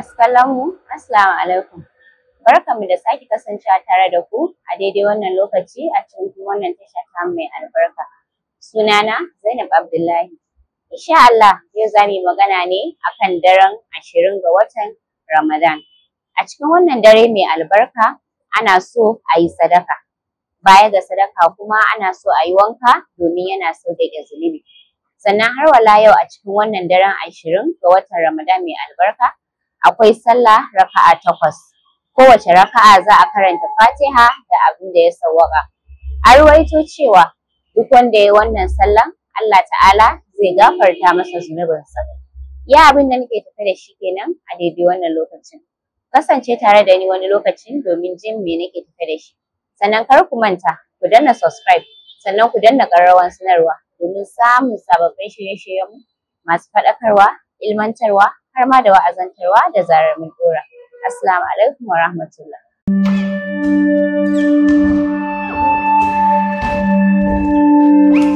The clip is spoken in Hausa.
masu mu assalamu alaikum barkanmu da sake kasancewa tare da ku a daidai wannan lokaci a cikin wannan tasha ta mai albarka sunana Zainab Abdullahi insha Allah yau za mu yi magana ne akan daren ashirin ga watan Ramadan a cikin wannan dare mai albarka ana so a yi sadaka baya ga sadaka kuma ana so a yi wanka domin yana so da zunubi sannan har wala yau a cikin wannan daren ashirin ga watan Ramadan mai albarka akwai sallah raka'a takwas kowace raka'a za a karanta fatiha da abin da ya sawwaka a ruwaito cewa duk wanda ya wannan sallan Allah ta'ala zai gafarta masa sa ya abin da nake tafe da shi kenan a daidai wannan lokacin kasance tare da ni wani lokacin domin jin me nake tafe da shi sannan kar ku manta ku danna subscribe sannan ku danna ƙararrawar sanarwa domin samun sababbin shirye shiryen masu faɗakarwa ilmantarwa har ma da kaiwa da zarar mun dora assalamu alaikum wa rahmatullah